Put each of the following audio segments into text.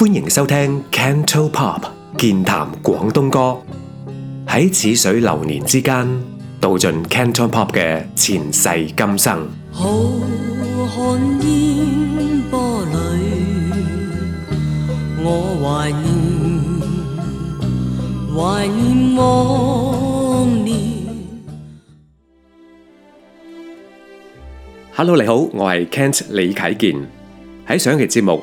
歡迎收聽 Cantopop 健談廣東歌，喺似水流年之間，道盡 Cantopop 嘅前世今生。浩瀚煙波裏，我懷念，懷念往年。Hello，你好，我係 Kent 李啟健，喺上一期節目。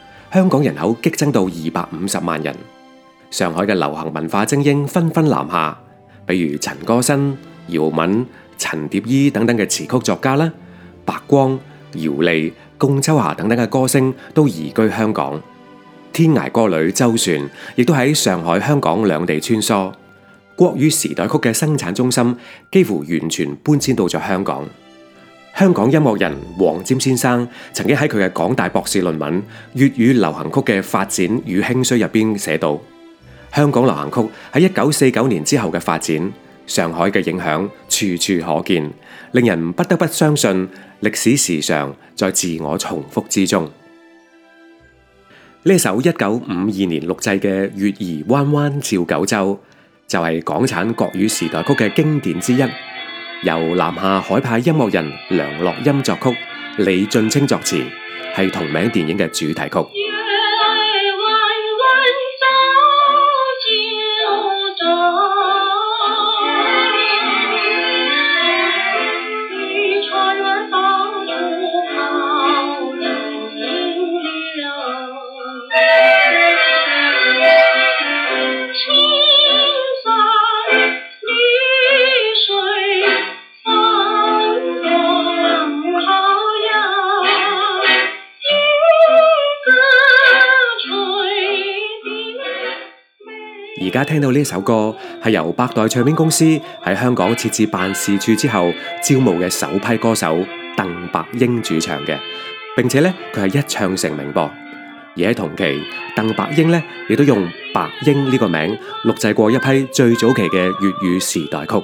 香港人口激增到二百五十萬人，上海嘅流行文化精英紛紛南下，比如陳歌辛、姚敏、陳蝶衣等等嘅詞曲作家啦，白光、姚莉、龔秋霞等等嘅歌星都移居香港。天涯歌女周璇亦都喺上海、香港兩地穿梭。國語時代曲嘅生產中心幾乎完全搬遷到咗香港。香港音樂人黃沾先生曾經喺佢嘅港大博士論文《粵語流行曲嘅發展與興衰》入邊寫到：香港流行曲喺一九四九年之後嘅發展，上海嘅影響處處可見，令人不得不相信歷史時常在自我重複之中。呢首一九五二年錄製嘅《月兒彎彎照九州》，就係港產國語時代曲嘅經典之一。由南下海派音樂人梁樂音作曲，李雋青作詞，係同名電影嘅主題曲。聽到呢首歌，係由百代唱片公司喺香港設置辦事處之後招募嘅首批歌手鄧白英主唱嘅，並且咧佢係一唱成名噃。而喺同期，鄧白英咧亦都用白英呢個名錄製過一批最早期嘅粵語時代曲。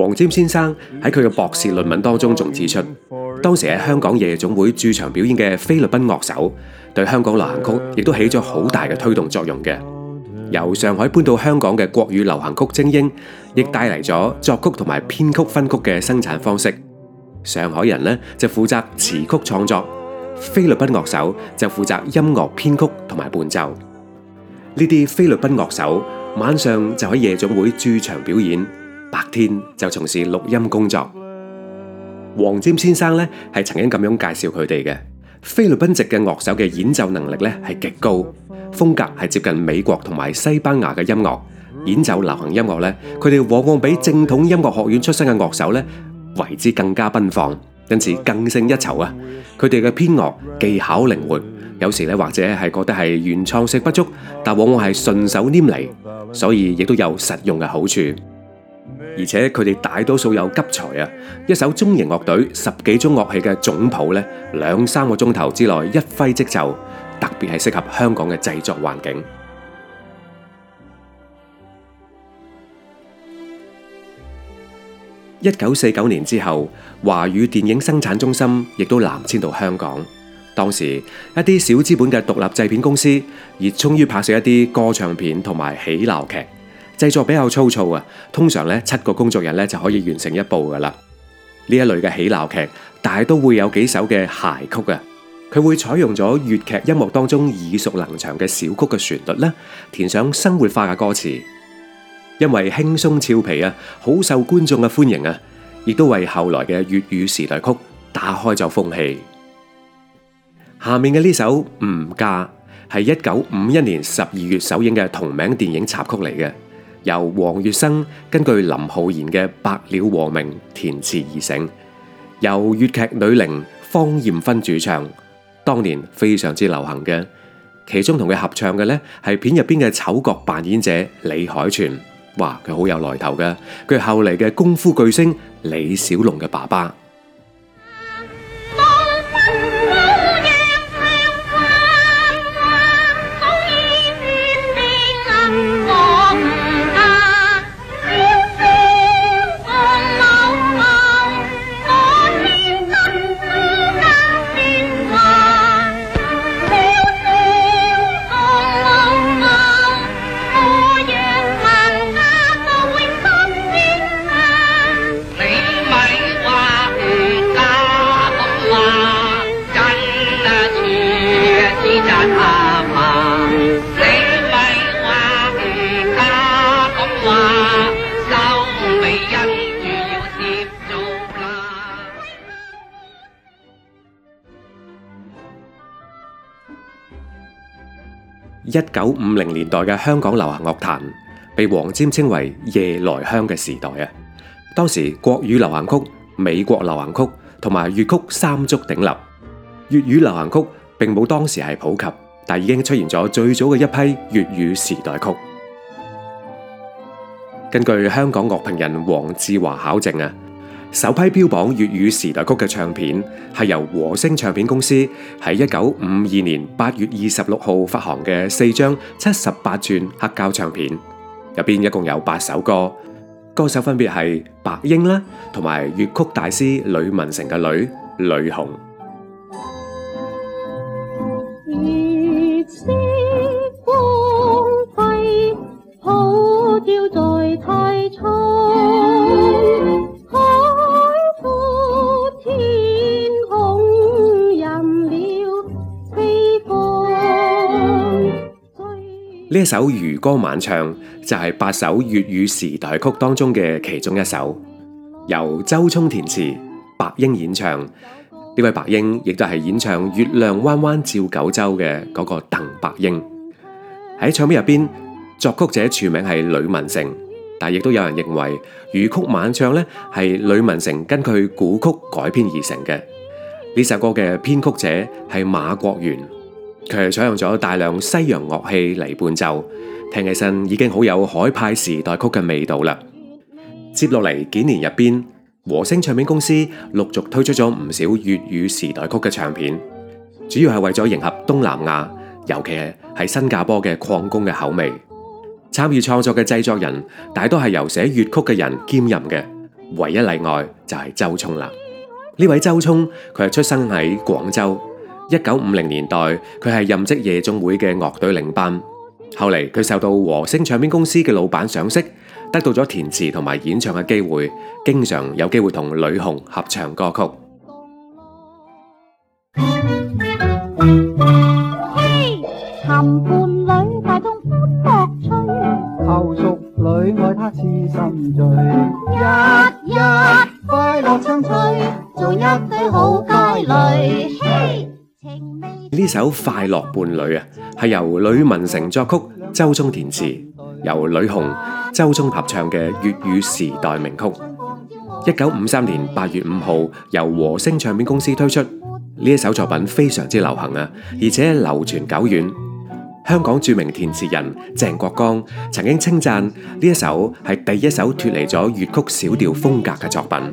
黃霑先生喺佢嘅博士論文當中，仲指出，當時喺香港夜總會駐場表演嘅菲律賓樂手，對香港流行曲亦都起咗好大嘅推動作用嘅。由上海搬到香港嘅國語流行曲精英，亦帶嚟咗作曲同埋編曲分曲嘅生產方式。上海人呢就負責詞曲創作，菲律賓樂手就負責音樂編曲同埋伴奏。呢啲菲律賓樂手晚上就喺夜總會駐場表演。白天就從事錄音工作。黃霑先生咧係曾經咁樣介紹佢哋嘅：菲律賓籍嘅樂手嘅演奏能力咧係極高，風格係接近美國同埋西班牙嘅音樂。演奏流行音樂咧，佢哋往往比正統音樂學院出身嘅樂手咧為之更加奔放，因此更勝一籌啊！佢哋嘅編樂技巧靈活，有時咧或者係覺得係原創性不足，但往往係順手拈嚟，所以亦都有實用嘅好處。而且佢哋大多數有急才啊！一首中型樂隊十幾種樂器嘅總譜咧，兩三個鐘頭之內一揮即就，特別係適合香港嘅製作環境。一九四九年之後，華語電影生產中心亦都南遷到香港。當時一啲小資本嘅獨立製片公司熱衷於拍攝一啲歌唱片同埋喜鬧劇。製作比較粗糙啊，通常呢七個工作日呢就可以完成一部㗎喇。呢一類嘅喜鬧劇，大都會有幾首嘅諧曲啊。佢會採用咗粵劇音樂當中耳熟能詳嘅小曲嘅旋律呢，填上生活化嘅歌詞。因為輕鬆俏皮啊，好受觀眾嘅歡迎啊，亦都為後來嘅粵語時代曲打開咗風氣。下面嘅呢首《唔嫁》係一九五一年十二月首映嘅同名電影插曲嚟嘅。由黃月生根據林浩然嘅《百鳥和鳴》填詞而成，由粵劇女伶方艷芬主唱，當年非常之流行嘅。其中同佢合唱嘅呢係片入邊嘅丑角扮演者李海泉，哇，佢好有來頭嘅，佢係後嚟嘅功夫巨星李小龍嘅爸爸。一九五零年代嘅香港流行樂壇，被黃霑稱為“夜來香”嘅時代啊！當時國語流行曲、美國流行曲同埋粵曲三足鼎立，粵語流行曲並冇當時係普及，但已經出現咗最早嘅一批粵語時代曲。根據香港樂評人黃志華考證啊。首批標榜粵語時代曲嘅唱片，係由和聲唱片公司喺一九五二年八月二十六號發行嘅四張七十八轉黑膠唱片，入邊一共有八首歌，歌手分別係白英啦，同埋粵曲大師呂文成嘅女呂紅。呢首《漁歌晚唱》就係、是、八首粵語時代曲當中嘅其中一首，由周聰填詞，白英演唱。呢位白英亦都係演唱《月亮彎彎照九州》嘅嗰個鄧白英。喺唱片入邊，作曲者署名係呂文成，但亦都有人認為《漁曲晚唱》呢係呂文成根據古曲改編而成嘅。呢首歌嘅編曲者係馬國元。佢係採用咗大量西洋樂器嚟伴奏，聽起身已經好有海派時代曲嘅味道啦。接落嚟幾年入邊，和聲唱片公司陸續推出咗唔少粵語時代曲嘅唱片，主要係為咗迎合東南亞，尤其係新加坡嘅礦工嘅口味。參與創作嘅製作人大多係由寫粵曲嘅人兼任嘅，唯一例外就係周聰啦。呢位周聰，佢係出生喺廣州。一九五零年代，佢係任職夜總會嘅樂隊領班，後嚟佢受到和聲唱片公司嘅老闆賞識，得到咗填詞同埋演唱嘅機會，經常有機會同呂紅合唱歌曲。呢首快樂伴侶啊，係由呂文成作曲，周聰填詞，由呂紅、周聰合唱嘅粵語時代名曲。一九五三年八月五號由和聲唱片公司推出。呢一首作品非常之流行啊，而且流傳久遠。香港著名填詞人鄭國江曾經稱讚呢一首係第一首脫離咗粵曲小調風格嘅作品。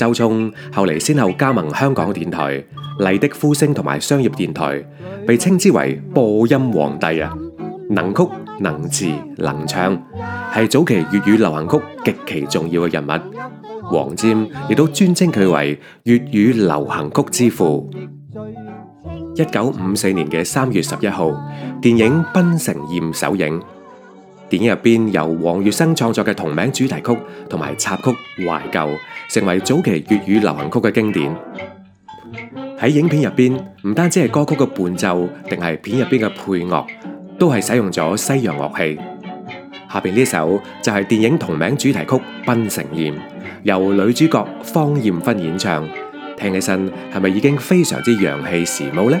周聰後來先後加盟香港電台、麗的呼聲同埋商業電台，被稱之為播音皇帝啊！能曲能詞能唱，係早期粵語流行曲極其重要嘅人物。黃霑亦都尊稱佢為粵語流行曲之父。一九五四年嘅三月十一號，電影《檳城艷》首映。電影入邊由王粵生創作嘅同名主題曲同埋插曲《懷舊》，成為早期粵語流行曲嘅經典。喺影片入邊，唔單止係歌曲嘅伴奏，定係片入邊嘅配樂，都係使用咗西洋樂器。下邊呢首就係、是、電影同名主題曲《檳城艷》，由女主角芳艷芬演唱，聽起身係咪已經非常之洋氣時髦呢？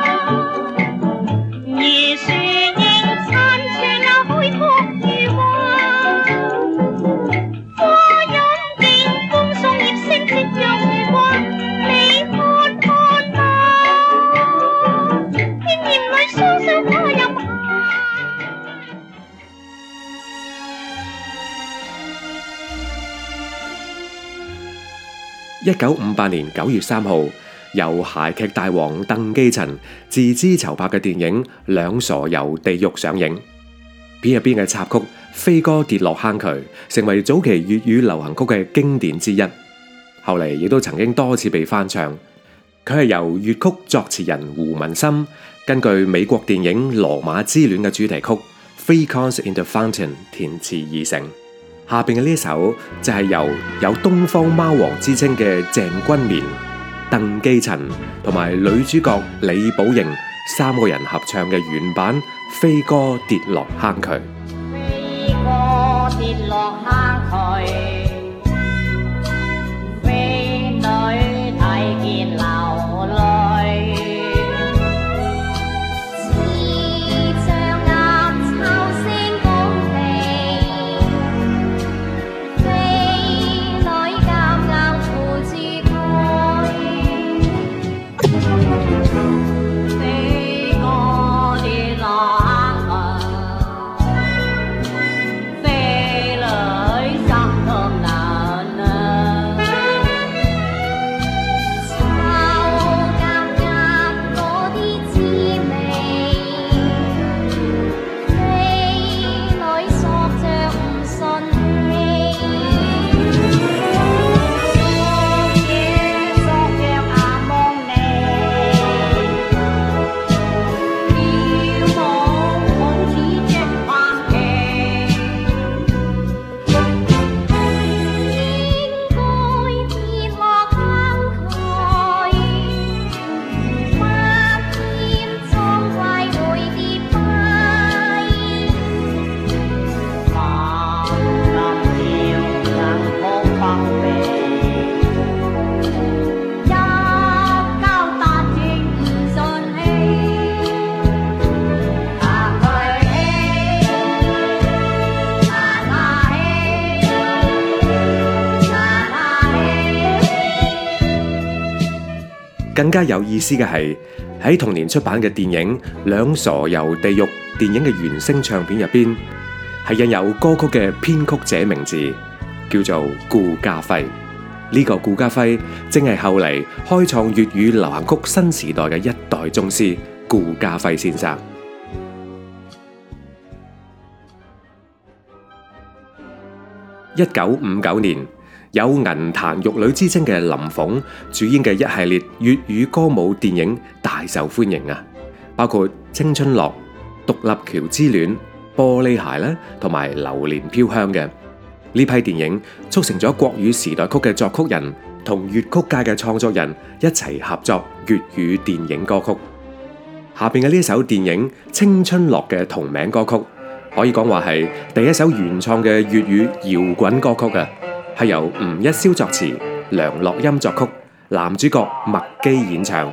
一九五八年九月三號，由諧劇大王鄧寄塵自資籌拍嘅電影《兩傻遊地獄》上映，片入邊嘅插曲《飛哥跌落坑渠》成為早期粵語流行曲嘅經典之一，後嚟亦都曾經多次被翻唱。佢係由粵曲作詞人胡文森根據美國電影《羅馬之戀》嘅主題曲《Three Coins in the Fountain》填詞而成。下邊嘅呢首就係由有東方貓王之稱嘅鄭君綿、鄧寄塵同埋女主角李寶瑩三個人合唱嘅原版《飛哥跌落坑渠》。飛哥跌落坑渠。更加有意思嘅係，喺同年出版嘅電影《兩傻遊地獄》電影嘅原聲唱片入邊，係印有歌曲嘅編曲者名字，叫做顧嘉輝。呢個顧嘉輝，正係後嚟開創粵語流行曲新時代嘅一代宗師顧嘉輝先生。一九五九年。有銀壇玉女之稱嘅林鳳主演嘅一系列粵語歌舞電影大受歡迎啊，包括《青春樂》《獨立橋之戀》《玻璃鞋》咧，同埋《榴蓮飄香》嘅呢批電影促成咗國語時代曲嘅作曲人同粵曲界嘅創作人一齊合作粵語電影歌曲。下面嘅呢首電影《青春樂》嘅同名歌曲，可以講話係第一首原創嘅粵語搖滾歌曲啊！係由吳一肖作詞，梁樂音作曲，男主角麥基演唱，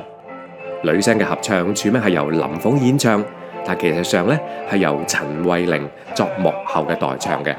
女聲嘅合唱署名係由林鳳演唱，但其實上咧係由陳慧玲作幕後嘅代唱嘅。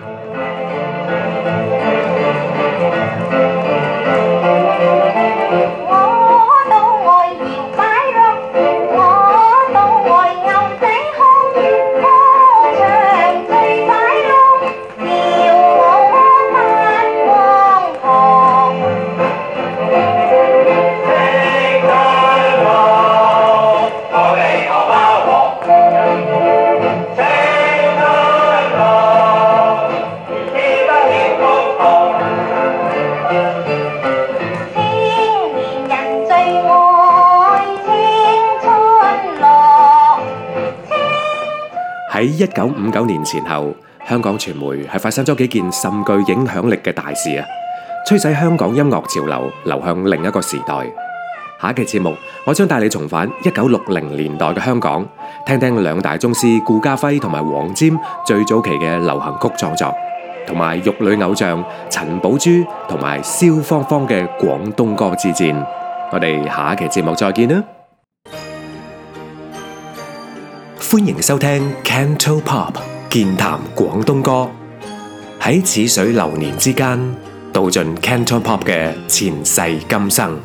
一九五九年前後，香港傳媒係發生咗幾件甚具影響力嘅大事啊，驅使香港音樂潮流流向另一個時代。下一期節目，我將帶你重返一九六零年代嘅香港，聽聽兩大宗師顧嘉輝同埋黃霑最早期嘅流行曲創作，同埋玉女偶像陳寶珠同埋蕭芳芳嘅廣東歌之戰。我哋下一期節目再見啦！歡迎收聽 Canto Pop 健談廣東歌，喺似水流年之間，道盡 Canto Pop 嘅前世今生。